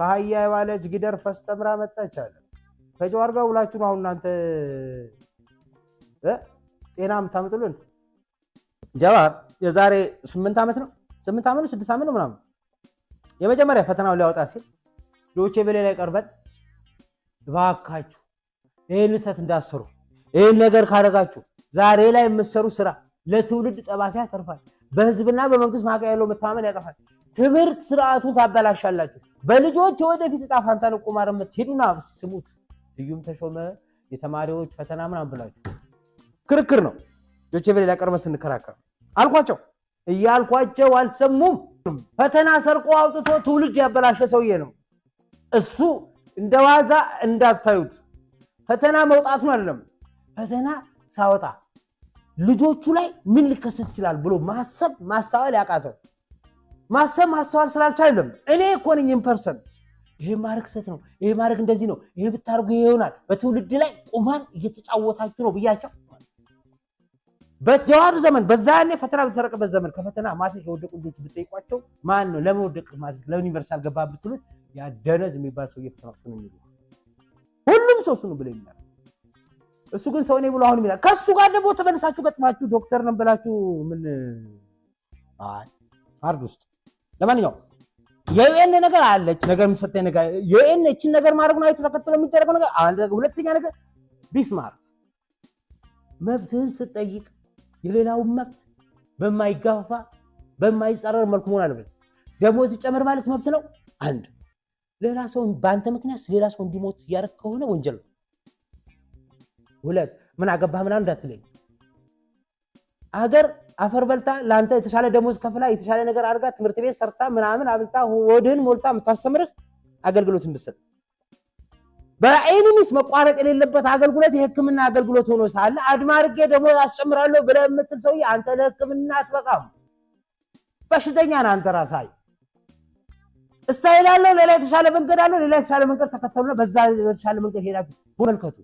ከአህያ የባለች ጊደር ፈስተምራ መጣች አለ። ከጀዋር ጋር ውላችሁ ነው አሁን እናንተ ጤና የምታምጥሉን። ጀዋር የዛሬ ስምንት ዓመት ነው ስምንት ዓመት ነው ስድስት ዓመት ነው ምናምን የመጀመሪያ ፈተናው ሊያወጣ ሲል ዶቼ ቬለ ላይ ቀርበን እባካችሁ ይህን ስህተት እንዳሰሩ ይህን ነገር ካደረጋችሁ ዛሬ ላይ የምትሰሩ ስራ ለትውልድ ጠባሳ ያተርፋል። በህዝብና በመንግስት መካከል ያለው መተማመን ያጠፋል። ትምህርት ስርዓቱን ታበላሻላችሁ። በልጆች የወደፊት እጣ ፋንታን ቁማር የምትሄዱና ስሙት። ስዩም ተሾመ የተማሪዎች ፈተና ምናምን ብላችሁ ክርክር ነው። ዶቼ ቬለ ቀርበ ስንከራከር አልኳቸው እያልኳቸው አልሰሙም። ፈተና ሰርቆ አውጥቶ ትውልድ ያበላሸ ሰውዬ ነው እሱ። እንደ ዋዛ እንዳታዩት። ፈተና መውጣቱን አይደለም ፈተና ሳወጣ ልጆቹ ላይ ምን ሊከሰት ይችላል ብሎ ማሰብ ማስተዋል ያቃተው ማሰብ ማስተዋል ስላልቻ አይደለም። እኔ እኮ ነኝ ኢምፐርሰን ይሄ ማድረግ ስህተት ነው፣ ይሄ ማድረግ እንደዚህ ነው፣ ይሄ ብታደርጉ ይሄ ይሆናል። በትውልድ ላይ ቁማር እየተጫወታችሁ ነው ብያቸው። በጀዋር ዘመን በዛ ያኔ ፈተና በተሰረቀበት ዘመን ከፈተና ማትሪክ የወደቁ ልጆች ብጠይቋቸው ማን ነው ለምን ወደቅ ማትሪክ ለምን ዩኒቨርሲቲ አልገባህም ብትሉት ያደነዝ የሚባል ሰው እየፈተናችሁ ነው የሚሉ ሁሉም ሰው እሱን ብለ ይላል። እሱ ግን ሰው እኔ ብሎ አሁን ይላል። ከእሱ ጋር ደግሞ ተመልሳችሁ ገጥማችሁ ዶክተር ነን ብላችሁ ምን አርድ ውስጥ ለማንኛውም የዩኤን ነገር አለች ነገር የሚሰጠኝ ነገር ዩኤን እችን ነገር ማድረጉን ነው ተከትሎ የሚደረገው ነገር አንድ ነገር፣ ሁለተኛ ነገር ቢስማርት መብትህን ስጠይቅ የሌላውን መብት በማይጋፋ በማይጸረር መልኩ መሆን አለበት። ደሞዝ ጨመር ማለት መብት ነው። አንድ ሌላ ሰው በአንተ ምክንያት ሌላ ሰው እንዲሞት እያደረግ ከሆነ ወንጀል ነው። ሁለት ምን አገባህ ምናምን እንዳትለኝ አገር አፈር በልታ ለአንተ የተሻለ ደሞዝ ከፍላ የተሻለ ነገር አድርጋ ትምህርት ቤት ሰርታ ምናምን አብልታ ወድህን ሞልታ የምታስተምርህ አገልግሎት እንድሰጥ በአይንንስ መቋረጥ የሌለበት አገልግሎት የህክምና አገልግሎት ሆኖ ሳለ አድማርጌ አድርጌ ደሞዝ አስጨምራለሁ ብለህ የምትል ሰውዬ አንተ ለህክምና አትበቃም። በሽተኛ ነህ አንተ ራሳይ እስታይላለሁ ሌላ የተሻለ መንገድ አለው ሌላ የተሻለ መንገድ ተከተሉና በዛ የተሻለ መንገድ ሄዳ መልከቱ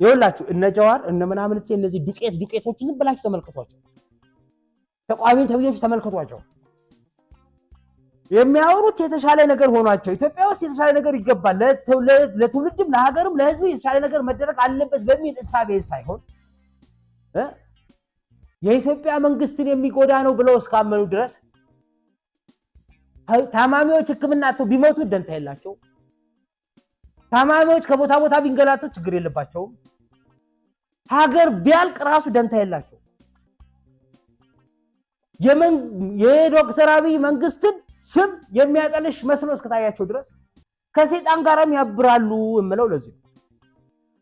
ይኸውላችሁ እነ ጀዋር እነ ምናምን እነዚህ ዱቄት ዱቄቶች ዝም ብላችሁ ተመልክቷቸው፣ ተቋሚ ተብዮች ተመልክቷቸው። የሚያወሩት የተሻለ ነገር ሆኗቸው ኢትዮጵያ ውስጥ የተሻለ ነገር ይገባል፣ ለትውልድም ለሀገርም ለህዝብ የተሻለ ነገር መደረግ አለበት በሚል እሳቤ ሳይሆን የኢትዮጵያ መንግስትን የሚጎዳ ነው ብለው እስካመኑ ድረስ ታማሚዎች ሕክምና አጥተው ቢሞቱ ደንታ የላቸው። ታማሚዎች ከቦታ ቦታ ቢንገላቱ ችግር የለባቸውም። ሀገር ቢያልቅ ራሱ ደንታ የላቸው። የዶክተር አብይ መንግስትን ስም የሚያጠልሽ መስሎ እስከታያቸው ድረስ ከሴጣን ጋርም ያብራሉ የምለው ለዚህ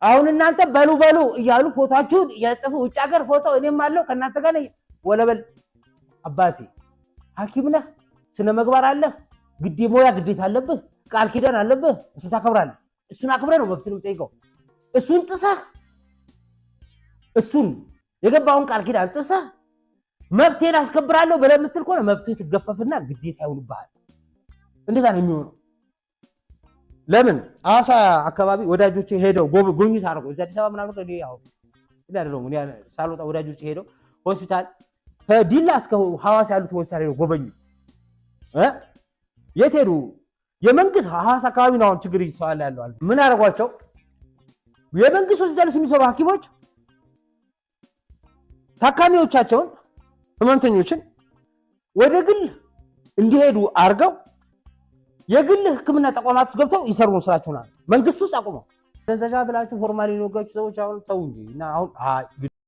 አሁን እናንተ በሉ በሉ እያሉ ፎቶችሁን እያጠፉ ውጭ ሀገር ፎቶ እኔም አለው ከእናንተ ጋር ወለበል አባቴ ሐኪም ነህ፣ ስነ ምግባር አለህ፣ ግዴ ሞያ ግዴታ አለብህ፣ ቃል ኪዳን አለብህ፣ እሱ ታከብራለህ። እሱን አክብረ ነው መብት የምጠይቀው። እሱን ጥሰህ እሱን የገባውን ቃል ኪዳን ጥሰህ መብቴን አስከብራለሁ ብለህ የምትል ከሆነ መብትህ ትገፈፍና ግዴታ ይሆንብሃል። እንደዛ ነው የሚሆነው። ለምን አዋሳ አካባቢ ወዳጆች ሄደው ጎብኝት አደረጉ። እዚ አዲስ አበባ ምናምን ሳልወጣ ወዳጆች ሄደው ሆስፒታል ከዲላ እስከ ሀዋሳ ያሉት ሆስፒታል ሄደው ጎበኙ። የት ሄዱ? የመንግስት ሐዋሳ አካባቢ ነው አሁን ችግር እየተሰዋለ ያለዋል። ምን ያደርጓቸው የመንግስት ሆስፒታል የሚሰሩ ሐኪሞች ታካሚዎቻቸውን ህመምተኞችን ወደ ግል እንዲሄዱ አድርገው የግል ህክምና ተቋማት ውስጥ ገብተው ይሰሩ ነው ስራቸው። መንግስት ውስጥ አቁመው ደንዘዣ ብላችሁ ፎርማሊ የወጋችሁ ሰዎች አሁን ተው እንጂ እና አሁን